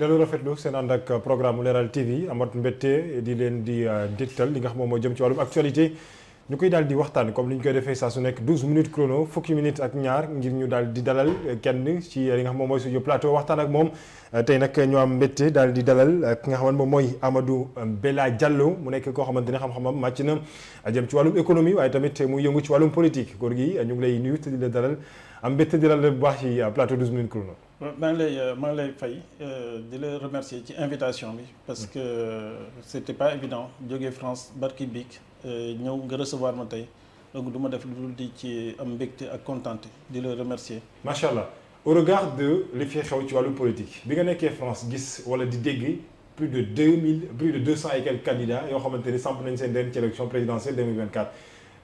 dalu rafetlu seen ànd ak programme Leral TV amat mbette di leen di euh, dégtal li nga xam moom moo jëm ci wàllum actualité ñu koy daal di waxtaan comme li ñu koy defee saa su nekk 12 minutes chrono fukki minutes ak ñaar ngir ñu daal di dalal kenn ci li nga xam moom mooy suñu plateau waxtaan ak moom tey nag ñu am mbette daal di dalal ki nga xamante moom mooy Amadou Bella Diallo mu nekk koo xamante ne xam-xamam màcc na jëm ci wàllum économie waaye tamit mu yëngu ci wàllum politique góor gi ñu lay nuyu te dalal am mbette di dalal baax ci euh, plateau 12 minutes chrono. maa ngi lay euh, maa lay fay euh, di la remercier ci invitation bi parce mm. que euh, c'était pas évident jógee France barki biig ñëw nga recevoir ma tey donc du ma def lu dul di ci am mbégte ak contenté di la remercier macha allah au regard de li fi xew ci wàllu politique bi nga nekkee France gis wala di dégg plus de deux mille plus de deux cent et quelques candidats yoo xamante ni samp nañ seen dem ci élection présidentielle 2024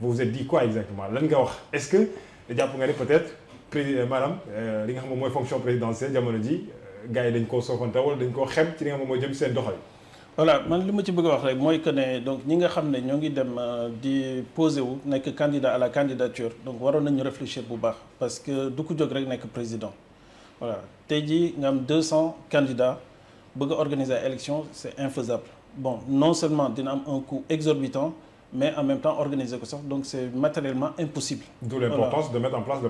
vous vous êtes dit quoi exactement lan nga wax est-ce que jàpp nga ne peut-être président euh, maanaam euh, li nga xam moom mooy fonction présidentielle jamono ji euh, gars yi dañ koo soofanta wala dañ koo xem ci li nga xam man li ma ci bëgg a wax rek mooy que ne donc ñi nga xam ne ñoo ngi dem di posé wu nekk candidat à la candidature donc waroon nañu réfléchir bu baax parce que du ko jog rek nekk président voilà tey jii nga am 200 candidats bëgg a organiser ay élection c'est infaisable bon non seulement dina am un coût exorbitant mais en même temps organiser ko sax donc c'est matériellement impossible. D'où l'importance voilà. de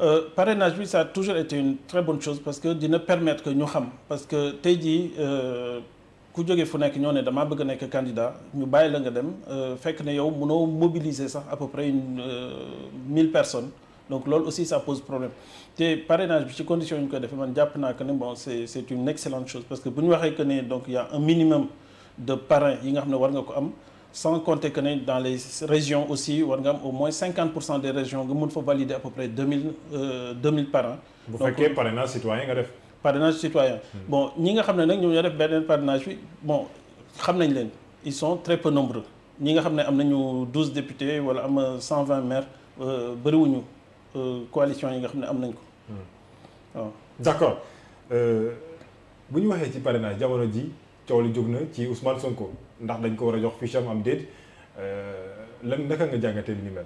Euh, parrainage bi ça a toujours été une très bonne chose parce que dina permettre que ñu xam parce que tey jii euh, ku jóge fu nekk ñoo ne damaa bëgg a nekk candidat ñu bàyyi la nga dem euh, fekk ne yow mënoo mobiliser sax à peu près une mille personnes donc loolu aussi ça pose problème te parrainage bi ci condition yi ñu koy defee man jàpp naa que ne bon c'est c'est une excellente chose parce que bu ñu waxee que ne donc il a un minimum de parent yi nga xam ne war nga ko am. sans compter que ne dans les régions aussi war nga am au moins 50 pour cent des régions nga mun fa valider à peu près 2000 2000 par an. bu fekkee parrainage citoyen nga def. parrainage citoyen hmm. bon ñi nga xam ne nag ñoom ñoo def beneen parrainage bi bon xam nañ leen ils sont très peu nombreux ñi nga xam ne am nañu 12 députés wala am 120 maires euh, bëriwuñu euh, coalition yi nga xam ne am nañ ko. Hmm. waaw d' accord euh, bu ñu waxee ci parrainage jamono ji. coow li jóg na ci Ousmane Sonko ndax dañ ko war jox fiche am am euh, lan naka nga jàngatee li ni mel.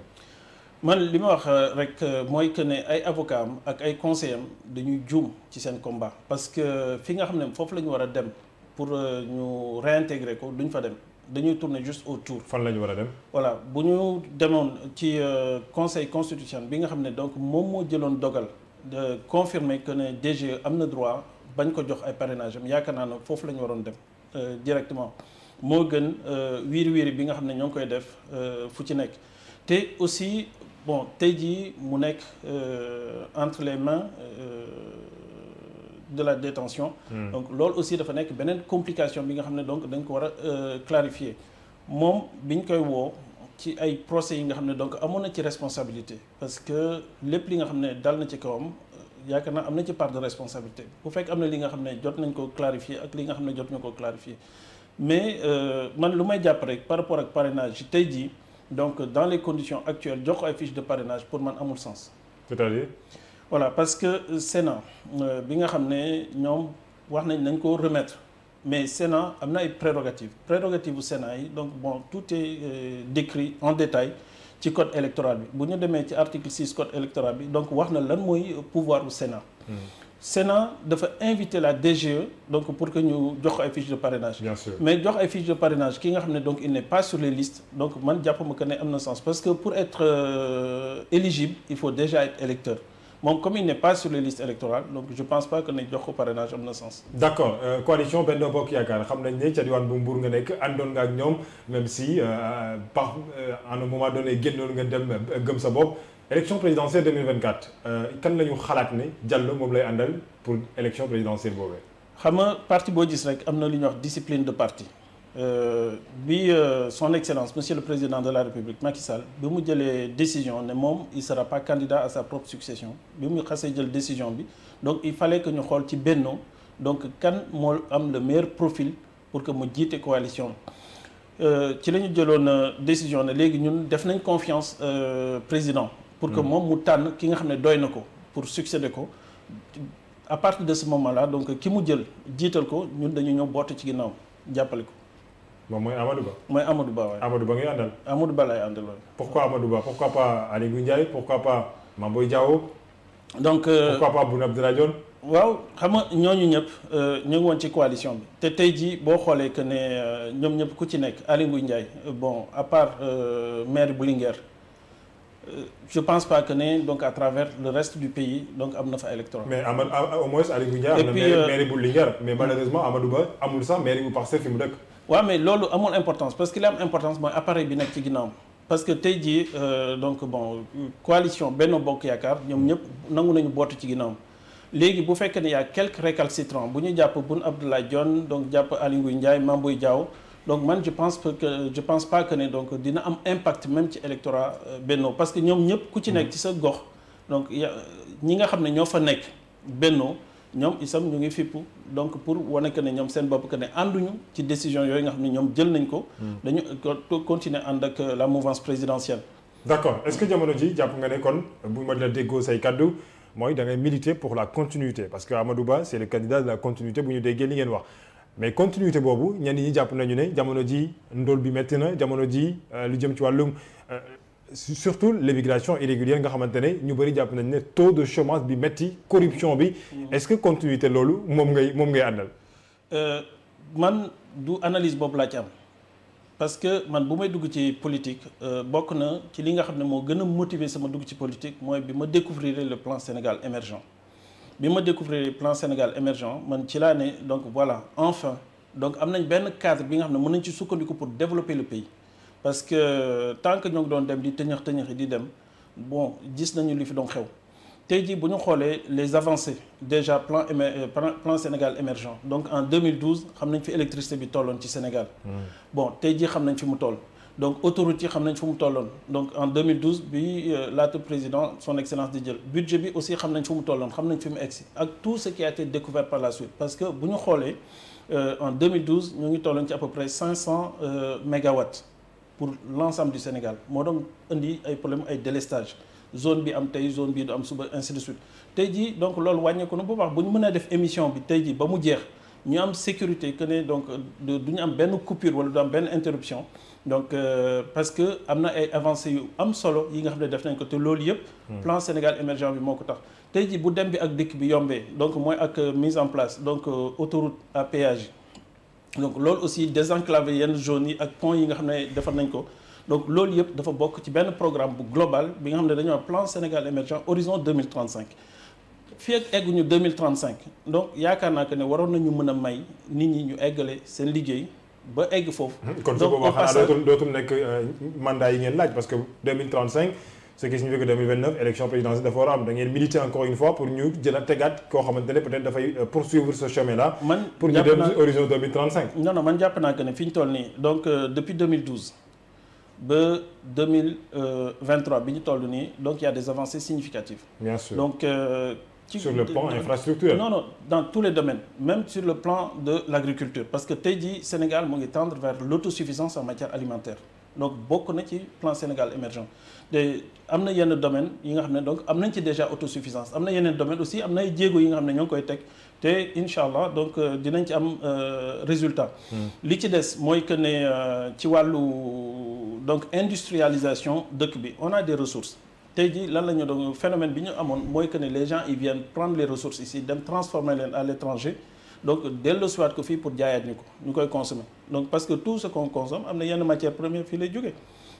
man li ma wax euh, rek euh, mooy que ne ay avocat ak ay conseillers dañuy juum ci seen combat parce que fi nga xam ne foofu la ñu war a dem pour ñu réintégrer ko duñ fa dem dañuy tourner juste autour fan la ñu war a dem. voilà bu ñu demoon ci conseil constitutionnel bi nga xam ne donc moom moo jëloon dogal de confirmer que ne DGE am na droit bañ ko jox ay parrainage am yaakaar naa foofu la ñu waroon dem. Euh, directement moo gën euh, wiiri wiiri bi nga xam ne ñoo ngi koy def euh, fu ci nekk te aussi bon tey jii mu nekk entre les mains de la détention hmm. donc loolu aussi dafa nekk beneen complication bi nga xam ne donc dañ ko war a clarifier moom biñ koy woo ci ay procès yi nga xam ne donc amoon na ci responsabilité parce que lépp li nga xam ne dal na ci kawam yaakaar naa am na ci part de responsabilité bu fekk am na li nga xam ne jot nañ ko clarifier ak li nga xam ne jot ñu ko clarifier mais euh, man lu may jàpp rek par rapport ak parrainage tey jii donc dans les conditions actuelles jox ko ay fiche de parrainage pour man amul sens. c'est-à-dire. voilà parce que euh, Sénat euh, bi nga xam ne ñoom wax nañ nañ ko remettre mais Sénat am na ay prérogatives prérogatives bu Sénat yi donc bon tout est décrit en détail ci code électoral bi bu ñu demee ci article six code électoral bi donc wax na lan mooy pouvoir bu Sénat. Hmm. Sénat dafa invité la DGE donc pour que ñu jox ay fiches de parrainage. Bien mais jox ay fiches de parrainage ki nga xam ne donc il n'est pas sur les listes donc man jàpp ma ne am na sens parce que pour être euh, éligible il faut déjà être électeur. moom comme il n'est pas sur les listes électorales donc je pense pas que nañ jox ko parrainage am na sens. d' accord euh, coalition Benno Bokk Yaakaar xam nañ ne ca diwaan bu Mbour nga nekk àndoon nga ak ñoom même si euh, par à euh, un moment donné génnoon nga dem euh, gëm sa bopp. élection présidentielle euh, kan la ñu xalaat ne Diallo moom lay àndal pour élection présidentielle boobee. xam nga parti boo gis rek am na lu ñuy wax discipline de parti. Euh, bi euh, son excellence monsieur le président de la république Macky Sall bi mu jëlee décision ne moom il sera pas candidat à sa propre succession bi mu xasee jël décision bi donc il fale que ñu xool ci Benno donc kan mool am le meilleur profil pour que mu jiite coalition euh, ci lañu jëloon euh, décision ne léegi ñun def nañ confiance euh, président pour que mm. moom mu tànn ki nga xam ne doy na ko pour succéder ko à partir de ce moment donc ki mu jël jiital ko ñun dañu ñëw boot ci ginnaaw jàppale ko moom mooy Amadou Ba. mooy Amadou Ba waay Amadou Ba ngay àndal. Amadou Ba lay àndal waay. pourquoi Amadou Ba pourquoi pas Aly Ngouille Ndiaye pourquoi pas donc euh, pourquoi pas Boun Abdallah Dionne. waaw xam nga ñooñu ñëpp euh, ñu woon ci coalition bi te tey jii boo xoolee que ne euh, ñoom ñëpp ku ci nekk Aly Ngouille bon à part maire bu Linguère je pense pas que ne donc à am na fa électorat. mais amal au moins Aly Ngouille Ndiaye. am na maire bu mais malheureusement Amadou Ba amul sax maire bu Parcelles fi mu dëkk. waaw mais loolu amul importance parce que li am importance mooy appareil bi nekk ci ginnaaw parce que tey jii euh, donc bon coalition Benno Bokk Yaakaar ñoom ñëpp nangu nañu bootu ci ginnaaw léegi bu fekkee ne y' a quelques récalcitrants bu ñu jàpp Boun Abdallah Dionne donc jàpp Aly Ngouille Ndiaye Mame Boye Diao donc man je pense que je pense pas que ne donc dina am impact même ci électorat euh, Benno parce que ñoom ñëpp ku ci nekk ci sa gox donc ñi nga xam ne ñoo fa nekk Benno ñoom isam ñu ngi fippu donc pour wane que ne ñoom seen bopp que ne ànduñu ci décision yooyu nga xam ne ñoom jël nañ ko. Hmm. dañu continuer ànd ak euh, la mouvance présidentielle. d'accord est-ce que jamono ji jàpp nga ne kon bu ma la déggoo say kaddu mooy da ngay militer pour la continuité parce que Amadou Ba c'est le candidat de la continuité bu ñu déggee li ngeen wax. mais continuité boobu ñenn ñi jàpp nañu ne jamono ji ndool bi métti na jamono ji euh, lu jëm ci wàllum euh, surtout l'immigration irrégulière nga xamante ne ñu bëri jàpp nañ ne taux de chômage bi métti corruption bi mm. est-ce que continuité loolu moom ngay moom ngay àndal euh, man du analyse boobu laa ci am parce que man bu may dugg ci politique euh, bokk na ci li nga xam ne moo gën a motiver sama dugg ci politique mooy bi ma découvrir le plan Sénégal émergent bi ma découvrir le plan Sénégal émergent man ci laa ne donc voilà enfin donc am nañ benn cadre bi nga xam ne mën nañ ci sukkandiku pour développer le pays parce que tant que ñoo ngi doon dem di tëñëx tëñëx yi di dem bon gis nañu li fi doon xew tey jii bu ñu xoolee les avancées déjà plan euh, plan Sénégal émergent donc en 2012 xam nañ fi électricité bi tolloon ci Sénégal. Hmm. bon tey jii xam nañ fi mu toll. donc autoroute yi xam nañ fu mu tolloon donc en 2012 bi euh, laata président son excellence di jël budget bi aussi xam nañ fu mu tolloon xam nañ fi mu egsi ak tout ce qui a été découvert par la suite parce que bu ñu xoolee euh, en 2012 ñu ngi tolloon ci à peu près 500 mégawatts. pour l'ensemble du Sénégal moo doon indi ay problème ay délestage zone bi am tey zone bii du am suba ainsi de suite tey jii donc loolu wàññeeku na bu baax bu ñu mën a def émission bi tey jii ba mu jeex ñu am sécurité que ne donc du ñu am benn coupure wala du am benn interruption donc euh, parce que am na ay avancées yu am solo yi nga xam ne def nañ ko te loolu yëpp. Hmm. plan Sénégal émergent bi moo ko tax. tey jii bu dem bi ak dikk bi yombee donc mooy ak euh, mise en place donc euh, autoroute à donc loolu aussi désenclavé yenn zones yi ak pont yi nga xam ne defar nañ ko donc loolu yëpp dafa bokk ci benn programme bu global bi nga xam ne dañoo plan Sénégal émergent horizon 2035 fii ak egguñu 2035 donc yaakaar naa que ne waroon nañu mën a may nit ñi ñu eggale seen liggéey ba egg foofu. kon su boobaa xanaa dootul dootul nekk euh, mandat yi ngeen laaj parce que 2035. ce qui signifie que 2029 élection présidentielle dafa war a am da ngeen militer encore une fois pour ñu jëla tegaat koo xamante ne peut-être dafay euh, poursuivre ce chemin là. pour ñu dem horizon 2035. non man jàpp naa que ne fi ñu toll nii donc euh, depuis bi ñu toll nii donc il y a des avancées significatives. bien sûr donc. Euh, sur le plan infrastructurel non non dans tous les domaines même sur le plan de l'agriculture parce que tey jii Sénégal moo ngi tendre vers l'autosuffisance en matière donc bokk na ci plan Sénégal émergent te am na yenn domaine yi nga xam ne donc am nañ ci déjà autosuffisance am na yeneen domaine aussi am na ay jéego yi nga xam ne ñoo ngi koy teg te incha allah donc euh, dinañ ci am euh, résultat hmm. li ci des mooy que ne euh, ci wàllu donc industrialisation dëkk bi on a des ressources tey jii lan la ñu doon phénomène bi ñu amoon mooy que ne les gens ils viennent prendre les ressources ici dem transformer leen à l'étranger donc dellu siwaat ko fii pour jaayaat ñi ko ñu koy consommer donc parce que tout ce qu'on consomme am na yenn matière première fii lay jógee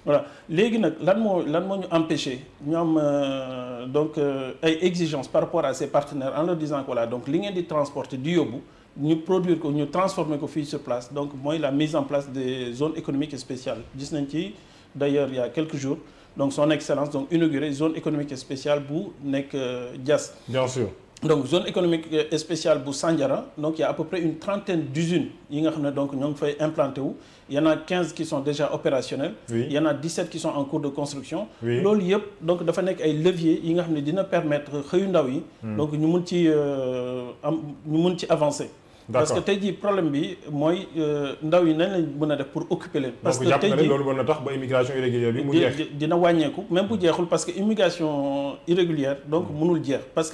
voilà léegi nag lan moo lan moo ñu empêché ñu am euh, donc euh, ay exigences par rapport à ces partenaires en leur disant que donc li ngeen di transporter di yóbbu ñu produire ko ñu transformer ko fii sur place donc mooy la mise en place des zone économiques et spéciales gis nañ ci d'ailleurs il y a jours donc son excellence donc inauguré zone économique et spéciale bu nekk euh, Diass bien sûr donc zone économique euh, spéciale bu Sandiara donc il y a à peu près une trentaine d'usines yi nga xam ne donc ñoo ngi fay implanté wu y en a 15 qui sont déjà opérationnels oui. y en a 17 qui sont en cours de construction loolu yëpp donc dafa nekk ay leviers yi nga xam ne dina permettre xëyu ndaw yi hmm. donc ñu mun ci euh, am ñu mun ci avancer parce que tey jii problème bi mooy euh, ndaw yi nañ lañ mën a def pour occuper leen parce que tey jii loolu mën a tax ba immigration irrégulière bi mu jeex dina wàññeeku même jeexul parce que immigration irrégulière donc hmm. mënul jeex parce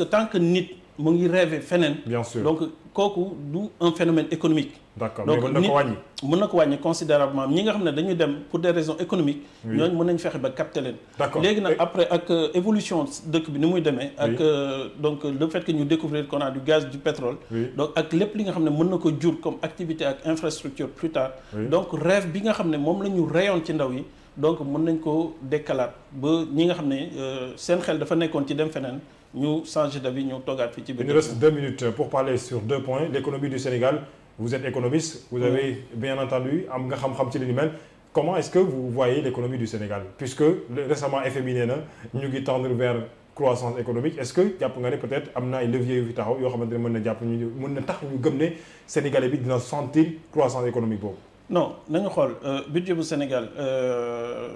mu ngi rêvé feneen. bien sûr donc kooku du un phénomène économique. d'accord donc mën na ko mën na ko wàññi considérablement ñi nga xam ne dañu dem pour des raisons économiques. mën nañ fexe ba capter leen. d'accord léegi nag après ak euh, évolution dëkk bi ni muy demee. ak euh, donc le fait ñu découvrir qu'on a du gaz du pétrole. donc ak lépp li nga xam ne mën na ko jur comme activité ak infrastructure plus tard. donc rêve bi nga xam ne moom la ñu rayoon ci ndaw yi. donc mën nañ ko dekkalaat ba ñi nga xam ne euh, seen xel dafa nekkoon ci dem feneen. ñu changer d'avis ñu toogaat fii ci biir. il nous reste deux minutes pour parler sur deux points l'économie du Sénégal vous êtes économiste. vous avez bien entendu am nga xam-xam ci li ni mel. comment est-ce que vous voyez l'économie du Sénégal puisque récemment FMI nee na ñu ngi tendre vers croissance économique est-ce que jàpp nga ne peut-être am na ay leviers fi taxaw yoo xamante ne mën na jàpp ñu mën na tax ñu gëm ne Sénégalais bi dina sentir croissance économique boobu. non nañu xool euh, budget bu Sénégal euh,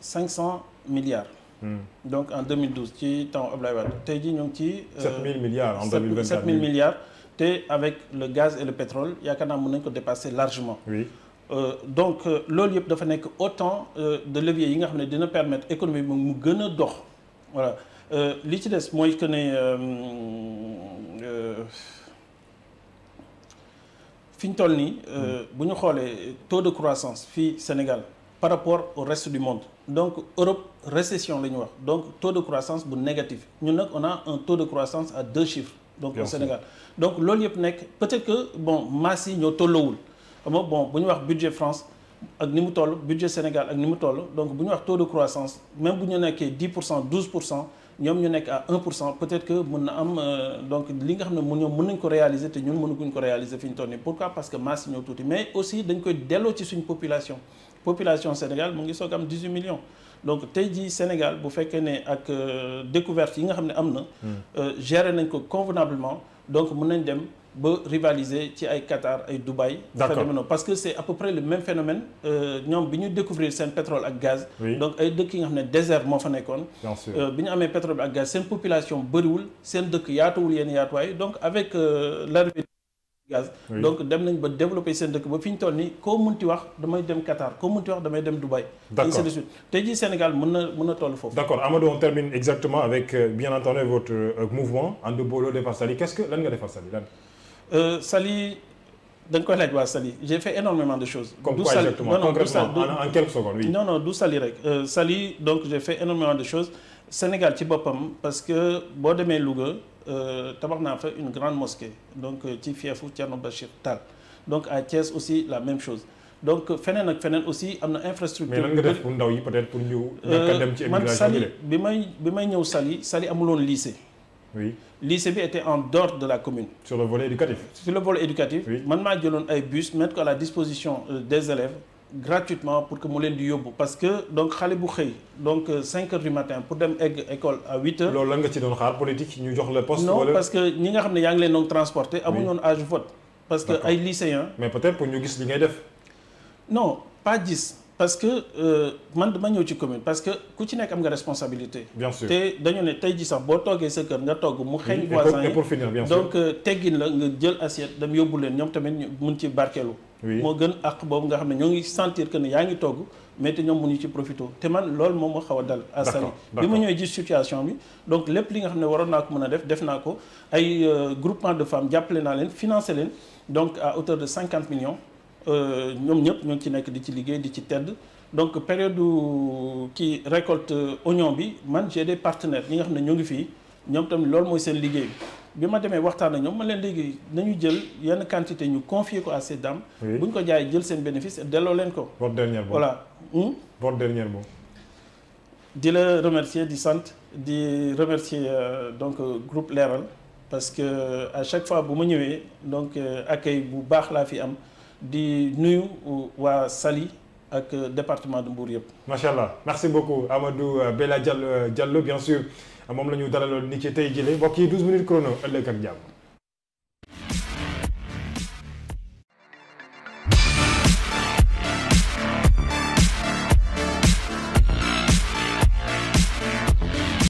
cinq cent milliards. Mm. donc en 2012 ci temps Abdoulaye Wade tey jii ñoo ngi ci. 7000 euh, milliards en 2024 7000 milliards. te avec le gaz et le pétrole yaakaar naa mun nañ ko dépasser largement. oui euh, donc euh, loolu yëpp dafa nekk autant euh, de leviers yi nga xam ne dina permettre économie bi mu gën a dox voilà li ci des mooy que ne fi ñu toll nii. Mm. bu ñu xoolee taux de croissance fii Sénégal par rapport au reste du monde. donc Europe récession la ñu wax donc taux de croissance bu négatif ñun nag on a un taux de croissance à deux chiffres donc loolu yëpp nekk peut-être que bon masse yi ñoo tolloowul xam nga bu ñu wax budget France ni toll budget ni mu toll donc bu ñu wax taux de croissance même bu ñu nekkee 10 pour ñu nekk à 1 pour cent peut-être que mën na euh, xam ne ñoom mën nañ ko réaliser te ñun mënaguñ ko réaliser fi ñu parce que masse yi ñoo tuuti mais aussi dañ koy delloo ci suñu population population Sénégal mu ngi soog am 18 million donc tey jii Sénégal bu fekkee ne ak euh, découverte yi nga xam ne am na hmm. euh, gérer nañ ko convenablement donc mun nañ dem ba rivaliser ci ay Qatar ay Dubaï phénomène parce que c'est à peu près le même phénomène euh, ñoom bi ñu découvrir seen pétrole ak gaz donc ay dëkk yi nga xam ne désert moo fa nekkoon bi ñu amee pétrole ak gaz seen population bëriwul seen dëkk yaatuwul yenn yaatuwaay donc avec l'arrivée gaz donc dem nañ ba développé seen dëkk ba fi ñu toll nii koo munti wax damay dem Qatar koo munti wax damay dem Dubaï. d' accord ainsi de suite tey jii Sénégal mën na toll foofu. d' accord on termine exactement avec euh, bien entendu votre euh, mouvement Ande Booloo Defar Saly qu' est euh, koy laaj waa Saly j'ai fait énormément de choses. comme quoi exactement concrètement en quelques secondes oui. non donc j'ai fait énormément de choses Sénégal ci boppam parce que boo demee Louga. Euh, tabax naa fa une grande mosquée donc euh, ci fiefu Thierno Bachir Tall donc à Thiès aussi la même chose donc feneen ak feneen aussi am na infrastructure. mais lan nga pour ndaw yi peut-être pour ñu. Euh, nekk dem ci man Saly bi may bi may ñëw Saly Saly amuloon lycée. oui lycée bi était en dehors de la commune. sur le volet éducatif. sur le volet éducatif. man maa jëloon ay bus mettre ko à la disposition des élèves. gratuitement pour que mu leen di yóbbu parce que donc xale bu xëy donc 5 heures du matin pour dem egg école à 8 heures. loolu lan nga ci doon xaar politique ñu jox la poste. non parce que ñi nga xam ne yaa ngi leen doon transporté. amuñu woon âge vote. parce que ay lycéens. mais peut-être pour ñu gis li ngay def. non pas gis parce que euh, man dama ñëw ci commune parce que ku ci nekk am nga responsabilité. bien sûr te dañu ne tey ji sax boo toogee sa kër nga togg mu xeeñ voisin yi donc euh, teggin nga jël assiette dem yóbbu leen ñoom tamit ñu mun ci barkeelu. moo gën àq boobu nga xam ne ñoo ngi sentir que ne yaa ngi togg mais te ñoom mu mënuñu ci profité te man lool moom moo xaw a dal asani bi ma ñëwee gis situation bi donc lépp li nga xam ne waroon naa ko mën a def def naa ko ay euh, groupement de femmes jàppale naa leen financé leen donc à hauteur de cinquante millions euh, ñoom ñëpp ñoo ngi ci nekk di ci liggéey di ci tedd donc période ci récolte euh, oignon bi man j'ai des partenaires ñi nga xam ne ñoo ngi fii ñoom tamit loolu mooy seen liggéey bi ma demee waxtaan ak ñoom ma leen léegi nañu jël yenn quantité ñu confier ko à ces bu ñu ko jaay jël seen bénéfice delloo leen ko. votre dernier mot voilà. Hmm? votre dernier di la remercier di sant di remercier euh, donc euh, groupe Leral parce que euh, à chaque fois bu ma ñëwee donc accueil bu baax laa fi am di nuyu waa sali ak département de Mbour yëpp. macha allah merci beaucoup Amadou Bella Diallo Diallo bien sûr. moom la ñu dalaloon ni ci tey jëlee mbokk yi 12 minutes chrono ëllëg ak jàmm.